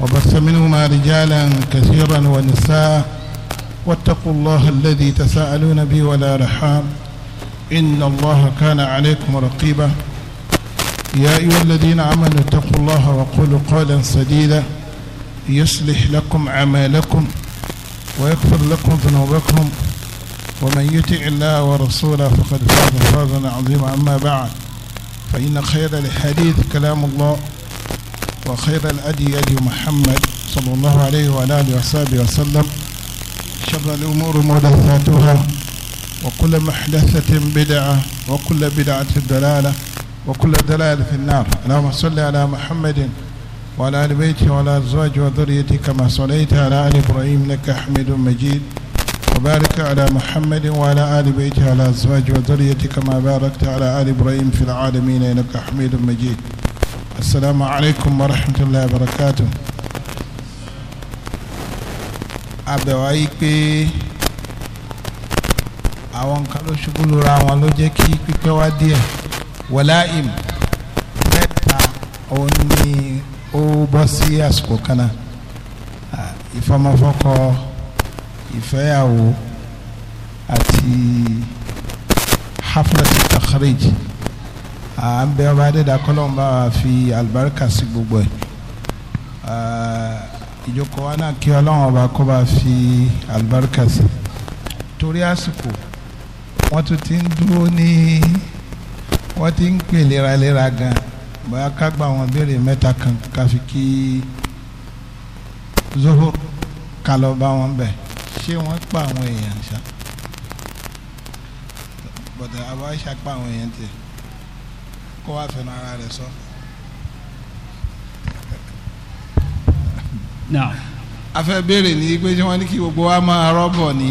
وبث منهما رجالا كثيرا ونساء واتقوا الله الذي تساءلون به ولا رحام إن الله كان عليكم رقيبا يا أيها الذين آمنوا اتقوا الله وقولوا قولا سديدا يصلح لكم أعمالكم ويغفر لكم ذنوبكم ومن يطع الله ورسوله فقد فاز فازا عظيما أما بعد فإن خير الحديث كلام الله وخير الأدي أدي محمد صلى الله عليه وعلى آله وصحبه وسلم شر الأمور محدثاتها وكل محدثة بدعة وكل بدعة دلالة وكل دلالة في النار اللهم صل على محمد وعلى آل بيته وعلى أزواجه وذريته كما صليت على آل إبراهيم إنك حميد مجيد وبارك على محمد وعلى آل بيته وعلى أزواجه وذريته كما باركت على آل إبراهيم في العالمين إنك حميد مجيد السلام عليكم ورحمة الله وبركاته àbẹ̀wò ayé pé àwọn nǹkan ló ṣubú lura wọn ló jẹ́ kí pípẹ́ wá díẹ̀ wọláìm mẹ́ta òun ni ó bọ́ sí àsìkò kan ìfọmọfọkọ ìfẹ́yàwó àti haflat takhrij à ń bẹ ọba adéda kọ́lọ́n bá wa fi àlùbáríkà sí gbogbo ẹ̀ ìjókòó wa náà kí ọlọ́run ọba kó bá fi àlùbáríkà sí torí àsìkò wọ́n tún ti ń dúró ní wọ́n ti ń pè léraléra gan bóyá ká gba àwọn béèrè mẹ́ta kan káfi kí zoho ká lọ bá wọn bẹ̀ ṣé wọ́n pa àwọn èèyàn ṣá bọ̀dà àbáṣà pa àwọn èèyàn tiẹ̀ kó wá fẹnu ara rẹ̀ sọ. afẹ́ béèrè ní pé ṣé wọ́n ní kí gbogbo wa máa rọ́bọ̀ ni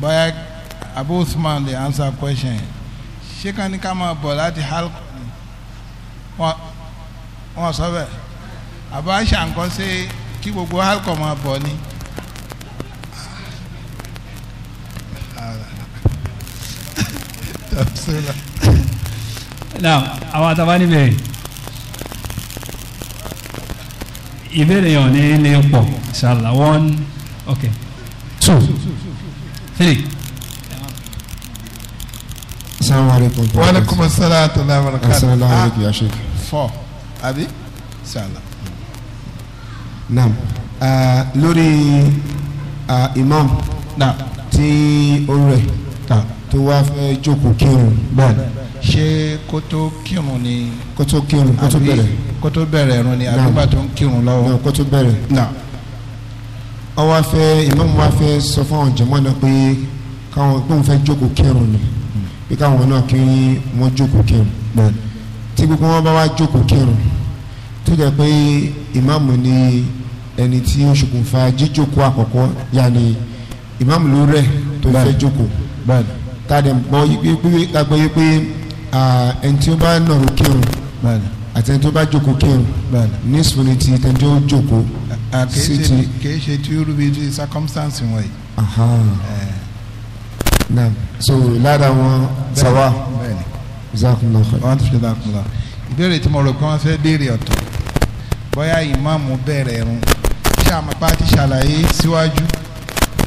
bóyá Abu Usman dey answer question ṣé ká ní ká máa bọ̀ láti halkọ ni wọ́n sọ bẹ́ẹ̀ àbá ṣàǹkan ṣe kí gbogbo halkọ máa bọ̀ ni. Absolutely náà àwọn àtàwọn níbẹ̀ ìbéèrè yàn ní ilé pọ̀ ṣàlà one okay two three. Assalamu alaikum. Wa alaikum assalam wa barakatuh. Assalamu ah, alaikum ya Sheikh. Four. Abi? Sala. Naam. Ah, lórí ah, imam. Naam. Tí ó rẹ̀. Naam. Tó wá fẹ́ jókòó kírun. Bẹ́ẹ̀ni ṣé kó tó kírun ni. kó tó kírun kó tó bẹ̀rẹ̀. kó tó bẹ̀rẹ̀ irun ni àdúgbò tó ń kírun lọ́wọ́. kó tó bẹ̀rẹ̀. na ọwọ́ afẹ́ ìmáàmù wa fẹ́ sọ fún àwọn jẹ̀mọ́ náà pé káwọn pé òun fẹ́ jókòó kírun ni pé káwọn náà kí wọ́n jókòó kírun. tí gbogbo wọn bá wá jókòó kírun tó jẹ́ pé ìmáàmù ni ẹni tí ó ṣokùnfà jíjókòó àkọ́kọ́ yàní ìmáàmù ló rẹ̀ tó fẹ́ jókòó. tàdé gbọ́ yí pé ẹni tí ó bá nàró kírun àti ẹni tó bá jókòó kírun ní sùnì ti ẹni tó jókòó sí ti. kìí ṣe rúbi ti circumstance wọ̀nyí. naam so lára wọn sawa zakunla kọ. wọn ti fi zakunla ìbéèrè tí mo rò pé wọn fẹ́ béèrè ọ̀tọ̀ bóyá ìmáàmù bẹ̀rẹ̀ ẹ̀rùn ṣé àmọ́pá ti ṣàlàyé síwájú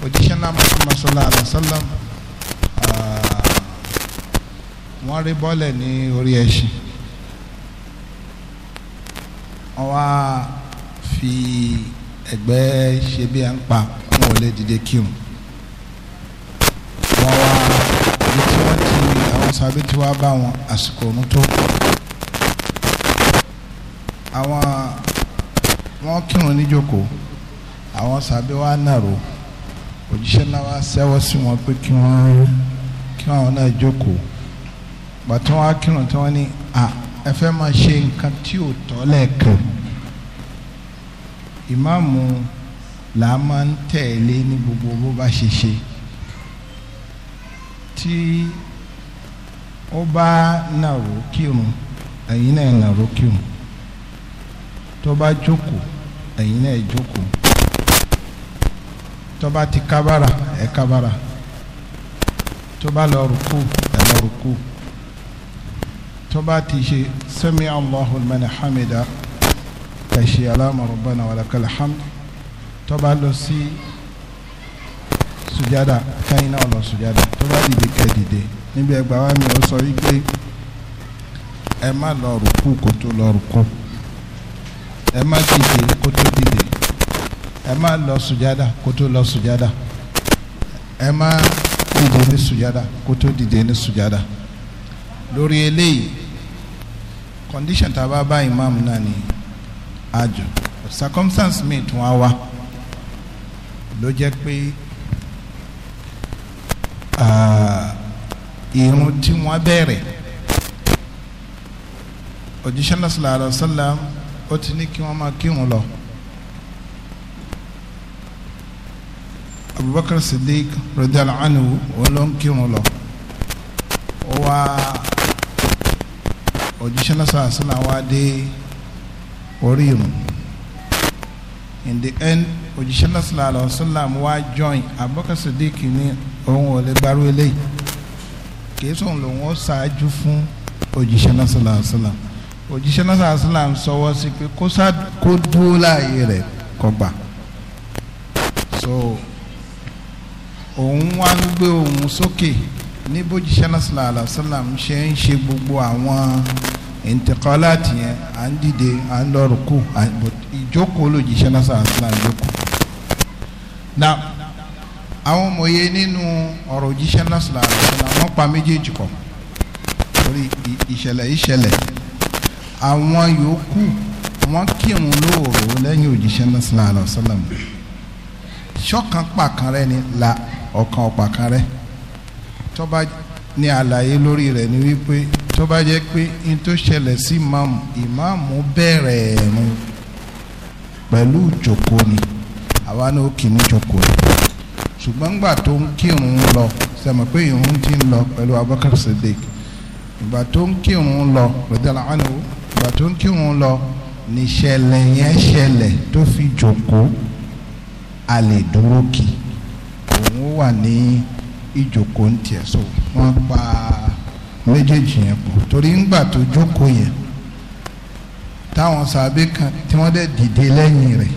òjíṣẹ́ náà mọ̀ sọ́lá àlọ́ sọ́lá wọ́n rí bọ́lẹ̀ ní orí ẹṣin wọ́n wá fi ẹ̀gbẹ́ ṣe bí à ń pa wọn ò lè dìde kírun wọ́n wá ibi tí wọ́n ti àwọn sábẹ́ tí wọ́n bá wọn àsìkò ọ̀run tó àwọn wọ́n kírun níjókòó àwọn sábẹ́ wa nàró òjíṣẹ́ náà wá sẹ́wọ́ sí wọn pé kí wọ́n kí wọ́n náà jókòó bàtí wọn á kírun tí wọn ní à ẹ fẹ́ máa ṣe nǹkan tí ò tọ́ lẹ́ẹ̀kan ìmáàmù là máa ń tẹ̀lé ní gbogbo bó bá ṣe ṣe tí ó bá nàró kírun ẹ̀yin náà nàró kírun tó bá jókòó ẹ̀yin náà jókòó tó bá ti kábàrà ẹ̀ kábàrà tó bá lọ rùkú ẹ̀ lọ rùkú tó bá ti ṣe sami allahu liman hamida ẹ ṣe alama rabbana walakal hamd tó bá lọ sí sujada kẹ́yìn náà lọ sujada tó bá dìde kẹ́ dìde níbi ẹgbà wa mi ò sọ wípé ẹ má lọ rùkú kó tó lọ rùkú ẹ má dìde kó tó dìde ẹ má lọ sujada kó tó lọ sujada ẹ má dìde ní sujada kó tó dìde ní sujada lórí eléyìí condition tá a bá bá imam náà ni àjò circumstance mi tún á wá ló jẹ́ pé irun tí wọ́n bẹ̀rẹ̀ òjíṣẹ́ náà sallallahu alaihi ó ti ní kí wọ́n máa kírun lọ. abubakar siddiq radiyallahu anhu ó ló ń kírun lọ. ó wá. Wa òjíṣẹ́ lọ́sọ̀ àṣìlá wa dé orí irun in the end òjíṣẹ́ lọ́sọ̀ àṣìlá wa join Abubakar Siddiq ní òun ò lè gbarú eléyìí kìí sóun lòun ó ṣáájú fún òjíṣẹ́ lọ́sọ̀ àṣìlá òjíṣẹ́ lọ́sọ̀ àṣìlá sọwọ́ sí pé kó dúró láàyè rẹ̀ kọgbà so òun wá ń gbé òun sókè ní bójú sẹ́nàṣìlá àlàsílàm ṣe ń ṣe gbogbo àwọn ìntìkọ́láàtì yẹn à ń dìde à ń lọ rùkù ìjókòó lòjì sẹ́nàṣìlá àlàsílàm jókòó. na àwọn òmòye nínú ọ̀rọ̀ òjíṣẹ́ sẹ́nàṣìlá àlàsílàm wọ́n pa méjèèjì pọ̀ torí ìṣẹ̀lẹ̀ ìṣẹ̀lẹ̀ àwọn yòókù wọ́n kírun lóòrò lẹ́yìn òjíṣẹ́ sẹ́nàṣìlá àlàsílàm ṣọ́kan pàkan ni la ọ̀kan ọ̀pàkan rẹ tó bá ní àlàyé lórí rẹ̀ ni wípé tó bá jẹ́ pé n tó ṣẹlẹ̀ sí ìmáàmù ìmáàmù bẹ̀rẹ̀ ẹ̀rùn pẹ̀lú ìjókòó ni àwa ní ó kì í ni ṣùgbọ́n gbà tó ń kírun lọ sẹ́mi pé ìrun ti ń lọ pẹ̀lú Abubakar Sadiq ìgbà tó ń kírun lọ rẹ̀dẹ̀lá ànú ìgbà tó ń kírun lọ níṣẹ̀lẹ̀ yẹn ṣẹlẹ̀ tó fi jókòó a dúró kì òun wà ní ìjòkó ń tiẹ̀ so wọ́n pa méjèèjì yẹn pọ̀ torí ńgbà tó jókòó yẹn táwọn sàbẹ̀ kan tí wọ́n dẹ̀ dìde lẹ́yìn rẹ̀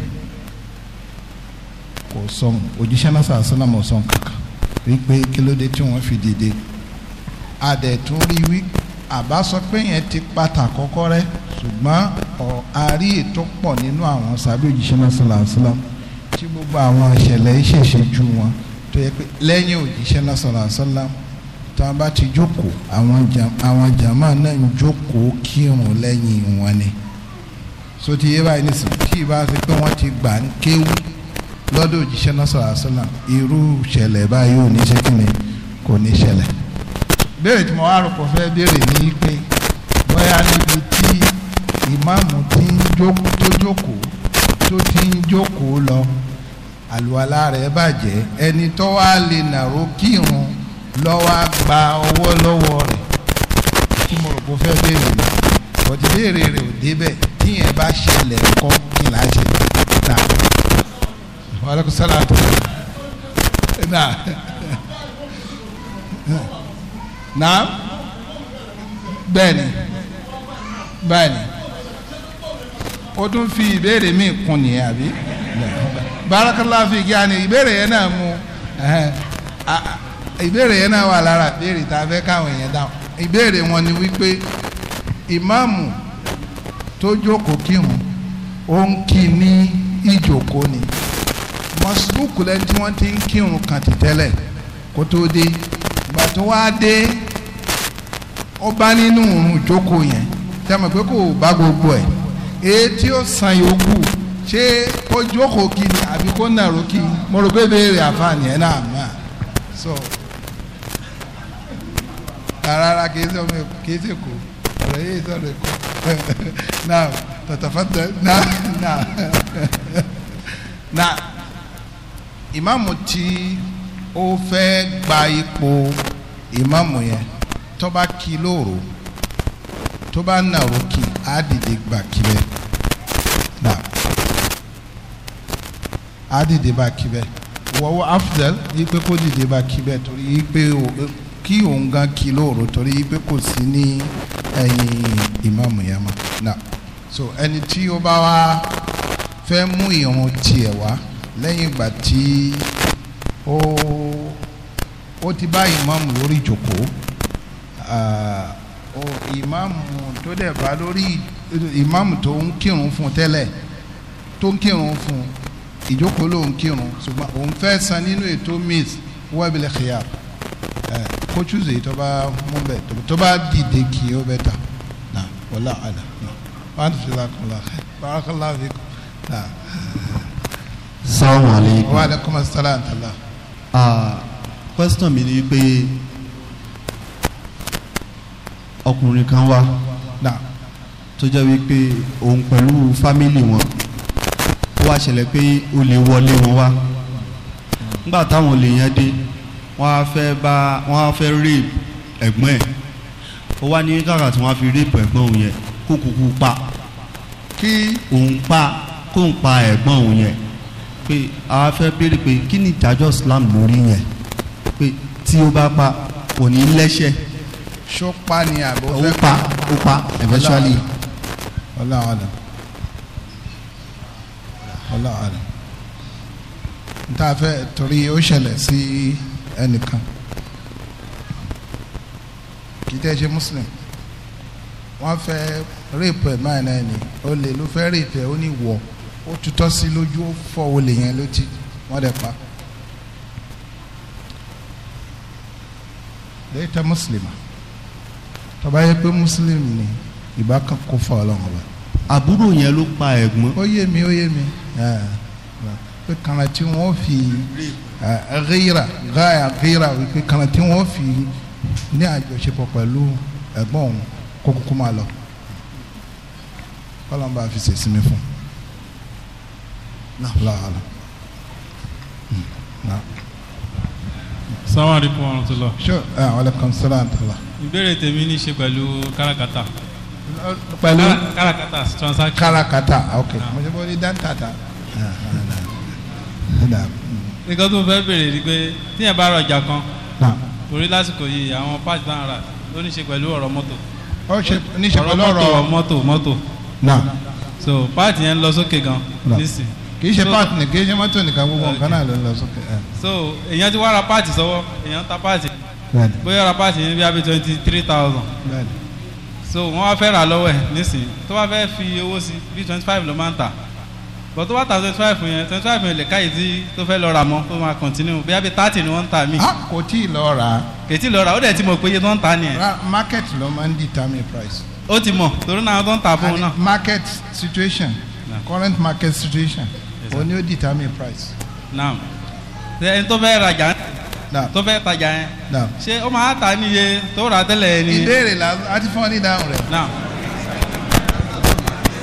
kò sọ̀n òjíṣẹ́ náà sàásánàmọ̀ sọ̀n kankan wípé kí ló dé tí wọ́n fi dìde adẹ̀tún rí wí àbá sọ pé yẹn ti pata kọ́kọ́ rẹ̀ ṣùgbọ́n ọ̀ àárí ètò pọ̀ nínú àwọn sàbẹ̀ òjíṣẹ́ náà sàásánàmọ̀ tí gbogbo àwọn ìṣẹ̀lẹ̀ ìṣẹ̀ṣẹ̀ ju wọn tó yẹ pé lẹ́yìn òjíṣẹ́ lọ́sọ̀rọ̀ àṣọ́lá tó a bá ti jókòó àwọn jàmá náà ń jókòó kírun lẹ́yìn wọn ni so ti yé báyìí nísìnyí tí ì bá ṣe pé wọ́n ti gbà ń kéwú lọ́dọ̀ òjíṣẹ́ lọ́sọ̀rọ̀ àṣọ́lá irú ìṣẹ̀lẹ̀ báyìí ò ní ṣe kí ni kò ní ṣẹlẹ̀ béèrè tí mo wá rọpò fẹ́ béèrè ní pé bóyá níbi tí ìmáàmù ti tó jókòó tó ti ń jókòó lọ àlùwàlá rẹ̀ bàjẹ́ ẹni tó wá lè nàró kírun lọ́wọ́ gba ọwọ́ lọ́wọ́ rẹ̀ tí mo rò pé ó fẹ́ béèrè rẹ̀ ọ̀dì béèrè rẹ̀ ò débẹ̀ tíyẹn bá ṣẹlẹ̀ kọ́ kí là á ṣe nà wàlẹ́kùn sálàtù nà nà bẹ́ẹ̀ni bẹ́ẹ̀ni o tún fi ìbéèrè mi kún nìyẹn àbí. barakallahu fi gị a yẹn náà mú ìbéèrè yẹn náà wà lára ìbéèrè tá a fẹ́ káwọn èèyàn ìbéèrè wọn ni wípé ìmáàmù tó jókòó kírun ó ń kí ní ìjókòó ni mọ̀sibúùkù tí wọ́n ti ń kírun kàn ti tẹ́lẹ̀ kó tó dé ìgbà tó yẹn tẹ́ mọ̀ pé kò bá gbogbo ẹ̀ èyí tí ó san ṣé kó jókòó kí ni àbí kó nàró kí mo rò pé béèrè àǹfààní ẹ̀ náà mà so rárá kì í sọ mi kì í sì kú ọ̀rọ̀ yìí sọ̀rọ̀ èkó now tọ̀tọ̀fọ̀tọ̀ now now now ìmáàmù tí ó fẹ́ gba ipò ìmáàmù yẹn tó bá kí lóòrò tó bá nàró kí á dìde gbà kí á dìde bá kí bẹ́ẹ̀ wọ́wọ́ afdal yí pé kó dìde bá kí bẹ́ẹ̀ torí yí pé kí òun gan kí lóòrò torí yí pé kò sí ní ẹ̀yìn ìmáàmù yẹn mọ́ náà so ẹni tí ó bá wá fẹ́ mú ìrun tiẹ̀ wá lẹ́yìn ìgbà tí ó ó ti bá ìmáàmù lórí ìjòkó ìmáàmù tó dẹ̀ bá lórí ìmáàmù tó ń kírun fún tẹ́lẹ̀ tó ń kírun fún un ìjókòó lòun kírun ṣùgbọ́n òun fẹ́ san nínú ètò miss wẹ́bìlẹ̀ khiyar kó túzé tó bá mú bẹ tó bá dìde kì í ó bẹ ta na wàlá àlà wà á tún ṣe la. láàkà bàrákàlá fi kù. salamu alaykum. wa aleykum asalaam tala. question mi ni pé ọkùnrin kan wá tó jẹ́ wípé òun pẹ̀lú fámìlì wọn wá ṣẹlẹ̀ pé olè wọlé wọn wá nígbà táwọn olè yẹn dé wọ́n á fẹ́ bá wọ́n á fẹ́ rape ẹ̀gbọ́n ẹ̀ ó wá ní kàkà tí wọ́n á fi rape ẹ̀gbọ́n òun yẹn kó kúkú pa kí òun pa kó ń pa ẹ̀gbọ́n òun yẹn pé a fẹ́ béèrè pé kí ni ìdájọ́ Islam lórí yẹn pé tí ó bá pa kò ní lẹ́sẹ̀. ṣó pa ni àbò fẹ́ pa ó pa eventually. ọlọ́run ọ̀dọ̀ ọlọ́wà rẹ̀ níta fẹ́ torí ó ṣẹlẹ̀ sí ẹnìkan kì í tẹ́ ṣe muslim wọ́n fẹ́ rape ẹ̀ máa náà ni olè ló fẹ́ rape ẹ̀ ó ní wọ̀ ó tutọ́ sí lójú ó fọ́ olè yẹn lójú wọ́n dẹ̀ pa. lẹ́yìn tá muslim tọ́ba yẹ pé muslim ni ìbá kan fọ́ ọlọ́run ọba àbúrò yẹn ló pa ẹ̀gbọ́n. ó yé mi ó yé mi pé kànáà tí wọ́n fi ríra gáyà ríra pé kànáà tí wọ́n fi ní àjọṣepọ̀ pẹ̀lú ẹ̀gbọ́n òun kó kúkú máa lọ kọ́lọ́n bá fi ṣèṣin mi fún un láàlá. sáwọn àdìpọ̀ ọ̀run tó lọ. ṣé àwọn ọ̀lẹ́kàn sọ́lá ń tọ́lá. ìbéèrè tèmi ní í ṣe pẹ̀lú káràkátà pẹ̀lú. karakata transaction. karakata ok ah. mo ṣe bọ́ ní dantata. Ah, ah, nǹkan tó fẹ́ bèrè ni pé tíyẹn bá rọjà kan torí lásìkò yìí àwọn parts down ra ló ní ṣe pẹ̀lú ọ̀rọ̀ mọ́tò. ó ṣe ní ṣe pẹ̀lú ọ̀rọ̀ mọ́tò mọ́tò. so part yẹn ń lọ sókè gan nísìn. kì í ṣe part ni kì í ṣe mọ́tò nìkan gbogbo nǹkan náà ló ń lọ sókè. so èèyàn ti wá ra part sọ́wọ́ èèyàn ta part bóyá ra part yẹn bí i twenty three thousand so wọ́n wá fẹ́ rà lọ́wọ́ ẹ̀ nísìnyí tó bá fẹ́ fi owó sí bí twenty five ló máa ń tà but tó bá ta twenty five yẹn twenty five yẹn lè káyìí tí tó fẹ́ lọ rà mọ́ tó máa continue bí abẹ́ thirty ni wọ́n ń tà mí. a ah, kò tí ì lọ rà. kò tí ì lọ rà ó dẹ̀ ti mọ̀ pé iye tó ń tà nìyẹn. market ló máa ń determine price. ó ti mọ̀ torí náà tó ń tà fún un náà. market situation current market situation ó ní ó determine price. naam ẹni tó fẹ́ rajà ń tó fẹ́ tajà yẹn ṣé ó máa ta níye tó rà tẹ́lẹ̀ ni. ìbéèrè la a ti fún ọ ní ìdáhùn rẹ.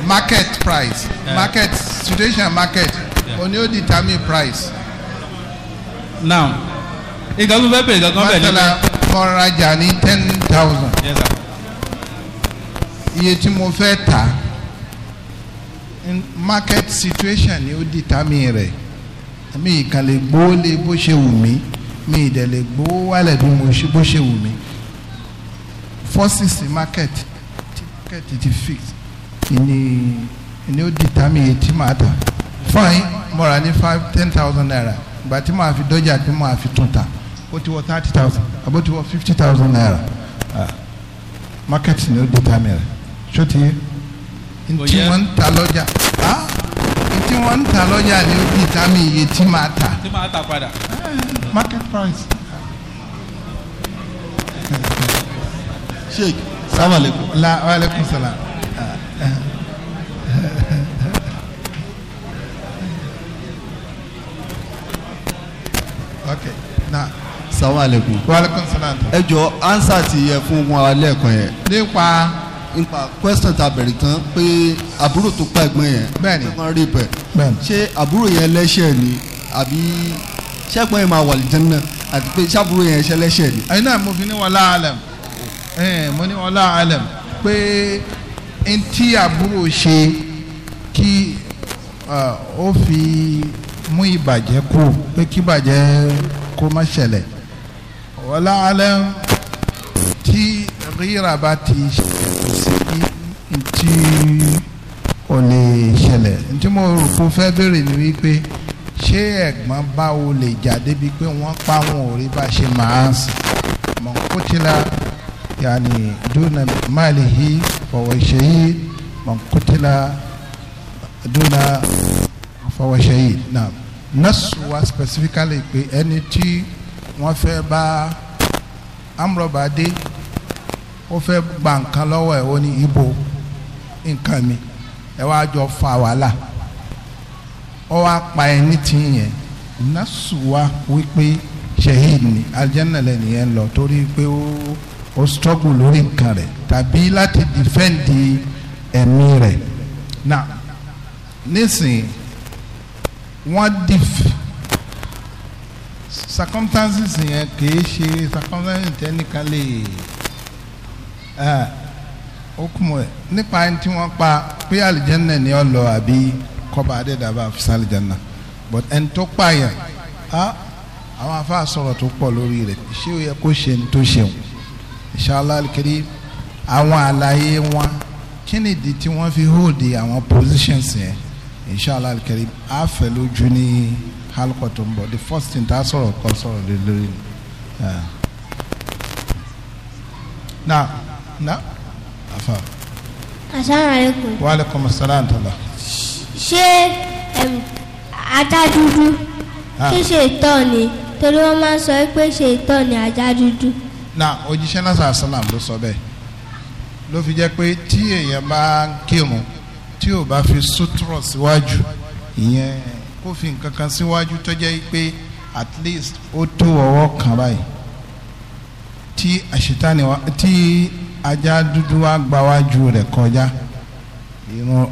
market price yeah. market situation market yeah. òní ó determine price. now ìgbà tó fẹ́ bèrè ìgbà tó fẹ́ bèrè. mọ́tàlá mo ní ten thousand. iye tí mo fẹ́ ta market situation ni ó determine rẹ̀ mi ìkàlẹ̀ gbó lé bó ṣe wù mí mi ìdẹ̀lẹ̀ gbowó wálẹ̀ bí mo ṣe bó ṣe wù mí forces market ti market ti fix ni ni ó determine iye tí màá tà fine mo rà ní five ten thousand naira ìgbà tí màá fi dọ́jà tí màá fi tún ta ó ti wọ thirty thousand àbó ti wọ fifty thousand naira market ni ó determine rẹ̀ ṣó ti yẹ ntí wọ́n ń ta lọ́jà tí wọ́n ń ta lọ́jà ni ó di ìta mi iye tí máa ta. tí máa ta padà. Eh, market price. sheik salaam aleykum. la wa aleykum salaam. ok na. salaam aleykum. wa aleykum salaam. ẹ jọ ansa ti yẹ fún wọn alẹ́ kan yẹn. nípa nípa question ta bẹ̀rẹ̀ kan pé àbúrò tó pa ẹ̀gbọ́n yẹn bẹ́ẹ̀ni tó kàn rí pẹ̀ ṣé àbúrò yẹn lẹ́ṣẹ̀ ni àbí ṣẹ́gbọ́n yẹn máa wà lìjẹ́ náà àti pé ṣàbúrò yẹn ṣẹ́ lẹ́ṣẹ̀ ni. ẹ̀yin náà mo fi ní wọlá alẹ̀ mo ní wọlá alẹ̀ pé n tí àbúrò ṣe kí ó fi mú ìbàjẹ́ kú pé kí ìbàjẹ́ kó má ṣẹlẹ̀ wọlá alẹ̀ tí rírà bá ti ṣẹlẹ̀ sí tí ò lè ṣẹlẹ̀ tí mo rò kó fẹ́ bèrè ni wípé ṣé ẹ̀gbọ́n báwo lè jà débi pé wọ́n pa wọn ò rí bá ṣe máa ń sìn mọ̀ kó ti la yàní dúnà máàlì yìí fọwọ́ ṣe yìí mọ̀ kó ti la dúnà fọwọ́ ṣe yìí náà nọ́ọ̀sì wa specifically pé ẹni tí wọ́n fẹ́ bá amúrọ̀bá dé ó fẹ́ gba nǹkan lọ́wọ́ ẹ̀ ó ní ibo nǹkan mi ẹ wá jọ fa wàhálà ọ wá pa ẹ ní tìyẹn nasuwa wípé shahid ni aljanna lẹ nìyẹn lọ torí pé ó ó struggle lórí nǹkan rẹ̀ tàbí láti defend ẹ̀mí rẹ̀ na nísìnyí wọ́n dif circumstances yẹn kì í ṣe circumstances tẹ́nìkan lè. okùnmọ̀ ẹ̀ nípa ẹni tí wọ́n pa pé àlìjẹ́nà ni ọ lọ àbí kọ́ba adédàbà fisa àlìjẹ́nà but ẹni tó pààyàn àwọn afáà sọ̀rọ̀ tó pọ̀ lórí rẹ̀ ṣé o yẹ kó ṣe ní tó o inshallah alikiri àwọn àlàyé wọn kí ni ìdí tí wọ́n fi hold àwọn positions yẹn inshallah alikiri àfẹ́ lójú ní halkọ̀ tó ń bọ̀ the first thing tá a sọ̀rọ̀ kọ́ sọ̀rọ̀ lórí ni. Now na afa. asalaamualeykum. waaleykum salaam tala. ṣé ajá dúdú ṣé ah. ṣètọ́ ni torí wọ́n máa ń sọ pé ṣètọ́ ni ajá dúdú. na òjíṣẹ́ náà sàásàlám ló sọ bẹ́ẹ̀ ló fi jẹ́ pé tí èèyàn bá ń kírun tí ò bá fi sútúrọ̀ síwájú ìyẹn kó fi nǹkan kan síwájú tó jẹ́ pé at least ó tó ọwọ́ kan báyìí tí àṣetánì tí ajá dúdú wá gbáwájú rẹ̀ kọjá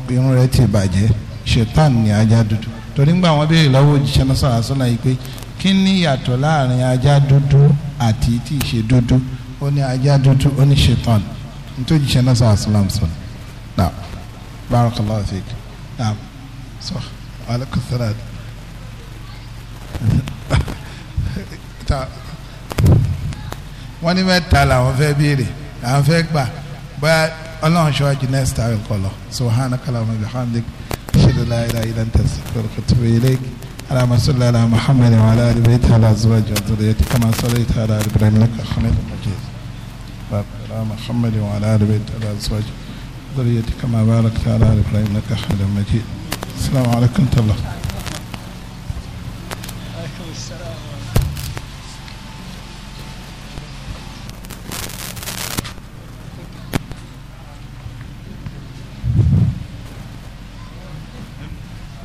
irun rẹ̀ ti bàjẹ́ ṣètàn ní ajá dúdú torí ń gbà wọ́n béèrè lọ́wọ́ òjíṣẹ́ náà sọ̀rọ̀ sọ́nà yìí pé kí ni ìyàtọ̀ láàrin ajá dúdú àti tí ì ṣe dúdú ó ní ajá dúdú ó ní ṣètàn nítorí òjíṣẹ́ náà sọ̀rọ̀ sọ́nà sọ̀rọ̀ náà barakallahu fik náà sọ alaikum salaam wọ́n ní mẹ́ta làwọn fẹ́ béèrè à ń fẹ́ gbà bóyá ọlọ́run ṣọ́ ju next time kọ lọ subhanaka allahumma wa bihamdik ashhadu an la ilaha illa anta astaghfiruka wa atubu ilayk اللهم صل على محمد وعلى ال بيته وعلى ازواجه وذريته كما صليت على ال ابراهيم انك حميد مجيد بارك على محمد وعلى ال بيته وعلى ازواجه وذريته كما باركت على ال ابراهيم انك حميد مجيد السلام عليكم ورحمه الله